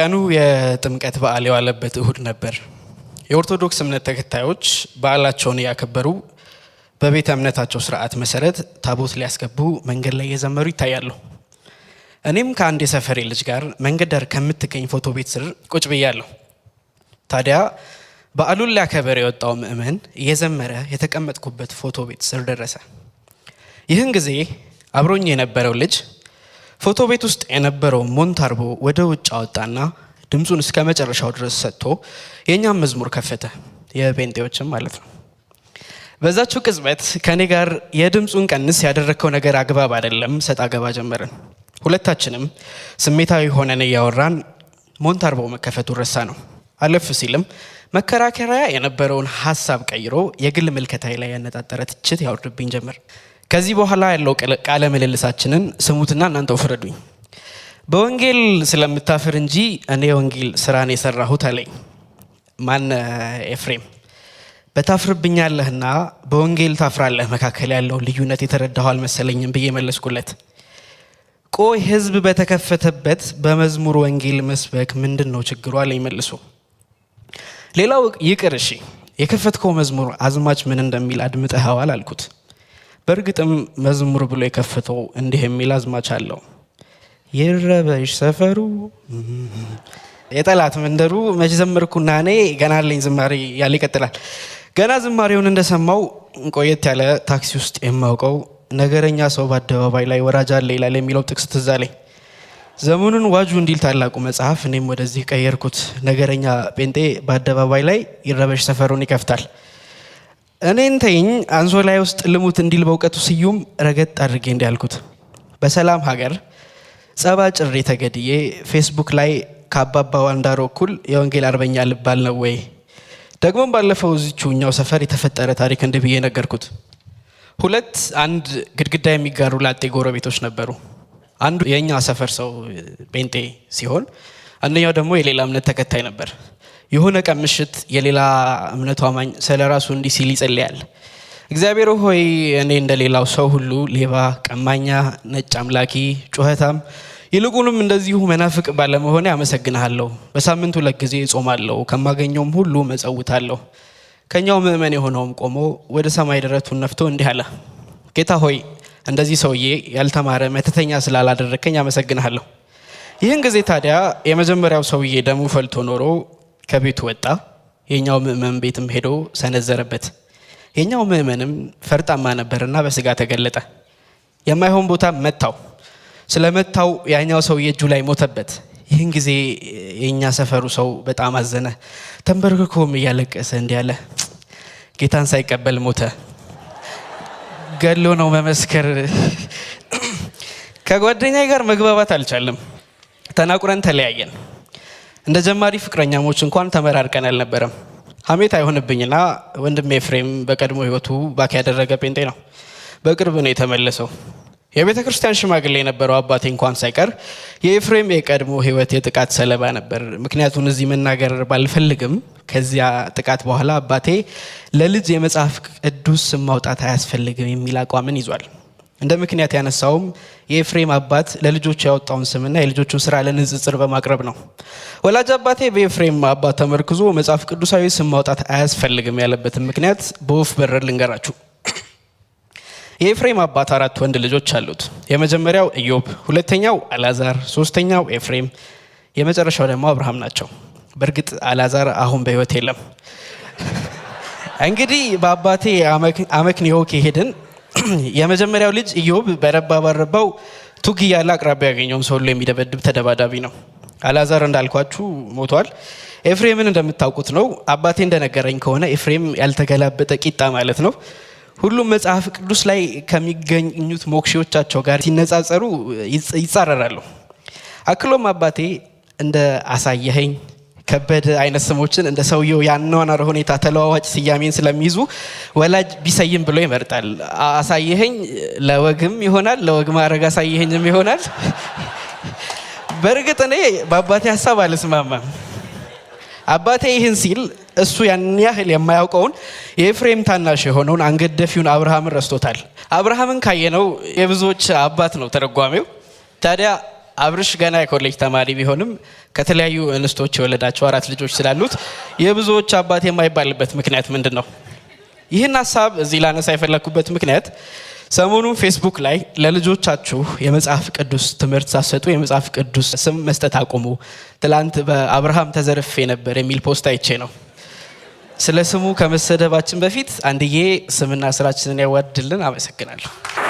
ቀኑ የጥምቀት በዓል የዋለበት እሁድ ነበር። የኦርቶዶክስ እምነት ተከታዮች በዓላቸውን እያከበሩ በቤተ እምነታቸው ስርዓት መሰረት ታቦት ሊያስገቡ መንገድ ላይ እየዘመሩ ይታያሉ። እኔም ከአንድ የሰፈሬ ልጅ ጋር መንገድ ዳር ከምትገኝ ፎቶ ቤት ስር ቁጭ ብያለሁ። ታዲያ በዓሉን ሊያከበር የወጣው ምእመን እየዘመረ የተቀመጥኩበት ፎቶ ቤት ስር ደረሰ። ይህን ጊዜ አብሮኝ የነበረው ልጅ ፎቶ ቤት ውስጥ የነበረው ሞንታርቦ ወደ ውጭ አወጣና ድምፁን እስከ መጨረሻው ድረስ ሰጥቶ የእኛም መዝሙር ከፈተ፣ የጴንጤዎችም ማለት ነው። በዛችው ቅጽበት ከኔ ጋር የድምፁን ቀንስ ያደረግከው ነገር አግባብ አይደለም፣ ሰጥ አገባ ጀመርን። ሁለታችንም ስሜታዊ ሆነን እያወራን ሞንታርቦ መከፈቱ ረሳ ነው። አለፍ ሲልም መከራከሪያ የነበረውን ሀሳብ ቀይሮ የግል ምልከታዊ ላይ ያነጣጠረ ትችት ያወርድብኝ ጀምር ከዚህ በኋላ ያለው ቃለ ምልልሳችንን ስሙትና እናንተው ፍረዱኝ። በወንጌል ስለምታፍር እንጂ እኔ የወንጌል ስራን የሰራሁት አለኝ። ማን ኤፍሬም። በታፍርብኛለህና በወንጌል ታፍራለህ መካከል ያለውን ልዩነት የተረዳሁ አልመሰለኝም ብዬ መለስኩለት። ቆይ ህዝብ በተከፈተበት በመዝሙር ወንጌል መስበክ ምንድን ነው ችግሩ አለኝ መልሶ። ሌላው ይቅር እሺ፣ የከፈትከው መዝሙር አዝማች ምን እንደሚል አድምጠኸዋል አልኩት። በእርግጥም መዝሙር ብሎ የከፈተው እንዲህ የሚል አዝማች አለው። ይረበሽ ሰፈሩ የጠላት መንደሩ መች ዘመርኩና እኔ ገና አለኝ ዝማሬ ያለ ይቀጥላል። ገና ዝማሬውን እንደሰማው ቆየት ያለ ታክሲ ውስጥ የማውቀው ነገረኛ ሰው በአደባባይ ላይ ወራጅ አለ ይላል የሚለው ጥቅስ ትዝ ዘመኑን ዋጁ እንዲል ታላቁ መጽሐፍ እኔም ወደዚህ ቀየርኩት። ነገረኛ ጴንጤ በአደባባይ ላይ ይረበሽ ሰፈሩን ይከፍታል። እኔን አንዞ ላይ ውስጥ ልሙት እንዲል በእውቀቱ ስዩም ረገጥ አድርጌ እንዲያልኩት በሰላም ሀገር ጸባ ጭሬ ተገድዬ ፌስቡክ ላይ ከአባባ ዋንዳሮ እኩል የወንጌል አርበኛ ልባል ነው ወይ? ደግሞም ባለፈው እዚችው ሰፈር የተፈጠረ ታሪክ እንደ ብዬ ነገርኩት። ሁለት አንድ ግድግዳ የሚጋሩ ላጤ ጎረቤቶች ነበሩ። አንዱ የእኛ ሰፈር ሰው ጴንጤ ሲሆን፣ አንደኛው ደግሞ የሌላ እምነት ተከታይ ነበር። የሆነ ቀን ምሽት የሌላ እምነቱ አማኝ ስለ ራሱ እንዲህ ሲል ይጸልያል። እግዚአብሔር ሆይ እኔ እንደ ሌላው ሰው ሁሉ ሌባ፣ ቀማኛ፣ ነጭ አምላኪ፣ ጩኸታም ይልቁንም እንደዚሁ መናፍቅ ባለመሆነ አመሰግንሃለሁ። በሳምንቱ ሁለት ጊዜ እጾማለሁ፣ ከማገኘውም ሁሉ መጸውታለሁ። ከኛው ምእመን የሆነውም ቆሞ ወደ ሰማይ ደረቱን ነፍቶ እንዲህ አለ፣ ጌታ ሆይ እንደዚህ ሰውዬ ያልተማረ መተተኛ ስላላደረከኝ አመሰግንሃለሁ። ይህን ጊዜ ታዲያ የመጀመሪያው ሰውዬ ደሙ ፈልቶ ኖሮ ከቤቱ ወጣ፣ የኛው ምእመን ቤትም ሄዶ ሰነዘረበት። የኛው ምእመንም ፈርጣማ ነበርና በስጋ ተገለጠ። የማይሆን ቦታ መታው። ስለመታው ያኛው ሰው የእጁ ላይ ሞተበት። ይህን ጊዜ የእኛ ሰፈሩ ሰው በጣም አዘነ። ተንበርክኮም እያለቀሰ እንዲያለ ጌታን ሳይቀበል ሞተ። ገሎ ነው መመስከር። ከጓደኛ ጋር መግባባት አልቻለም። ተናቁረን ተለያየን። እንደ ጀማሪ ፍቅረኛሞች እንኳን ተመራርቀን አልነበረም። ሀሜት አይሆንብኝና ወንድም ኤፍሬም በቀድሞ ህይወቱ ባክ ያደረገ ጴንጤ ነው። በቅርብ ነው የተመለሰው። የቤተ ክርስቲያን ሽማግሌ የነበረው አባቴ እንኳን ሳይቀር የኤፍሬም የቀድሞ ህይወት የጥቃት ሰለባ ነበር። ምክንያቱን እዚህ መናገር ባልፈልግም ከዚያ ጥቃት በኋላ አባቴ ለልጅ የመጽሐፍ ቅዱስ ስም ማውጣት አያስፈልግም የሚል አቋምን ይዟል። እንደ ምክንያት ያነሳውም የኤፍሬም አባት ለልጆቹ ያወጣውን ስምና የልጆቹን ስራ ለንጽጽር በማቅረብ ነው። ወላጅ አባቴ በኤፍሬም አባት ተመርክዞ መጽሐፍ ቅዱሳዊ ስም ማውጣት አያስፈልግም ያለበትን ምክንያት በወፍ በረር ልንገራችሁ። የኤፍሬም አባት አራት ወንድ ልጆች አሉት። የመጀመሪያው ኢዮብ፣ ሁለተኛው አላዛር፣ ሶስተኛው ኤፍሬም፣ የመጨረሻው ደግሞ አብርሃም ናቸው። በእርግጥ አላዛር አሁን በህይወት የለም። እንግዲህ በአባቴ አመክንዮ ከሄድን የመጀመሪያው ልጅ ኢዮብ በረባ ባረባው ቱግ እያለ አቅራቢያ ያገኘውን ሰው የሚደበድብ ተደባዳቢ ነው። አልዓዛር እንዳልኳችሁ ሞቷል። ኤፍሬምን እንደምታውቁት ነው። አባቴ እንደነገረኝ ከሆነ ኤፍሬም ያልተገላበጠ ቂጣ ማለት ነው። ሁሉም መጽሐፍ ቅዱስ ላይ ከሚገኙት ሞክሼዎቻቸው ጋር ሲነጻጸሩ ይጻረራሉ። አክሎም አባቴ እንደ አሳየኸኝ ከበደ አይነት ስሞችን እንደ ሰውየው ያኗኗር ሁኔታ ተለዋዋጭ ስያሜን ስለሚይዙ ወላጅ ቢሰይም ብሎ ይመርጣል። አሳይህኝ ለወግም ይሆናል፣ ለወግ ማድረግ አሳይህኝም ይሆናል። በእርግጥ እኔ በአባቴ ሀሳብ አልስማማም። አባቴ ይህን ሲል እሱ ያን ያህል የማያውቀውን የኤፍሬም ታናሽ የሆነውን አንገደፊውን ደፊውን አብርሃምን ረስቶታል። አብርሃምን ካየነው የብዙዎች አባት ነው ተረጓሚው ታዲያ አብርሽ ገና የኮሌጅ ተማሪ ቢሆንም ከተለያዩ እንስቶች የወለዳቸው አራት ልጆች ስላሉት የብዙዎች አባት የማይባልበት ምክንያት ምንድን ነው? ይህን ሀሳብ እዚህ ላነሳ የፈለግኩበት ምክንያት ሰሞኑን ፌስቡክ ላይ ለልጆቻችሁ የመጽሐፍ ቅዱስ ትምህርት ሳሰጡ የመጽሐፍ ቅዱስ ስም መስጠት አቁሙ፣ ትላንት በአብርሃም ተዘርፌ ነበር የሚል ፖስት አይቼ ነው። ስለ ስሙ ከመሰደባችን በፊት አንድዬ ስምና ስራችንን ያዋድልን። አመሰግናለሁ።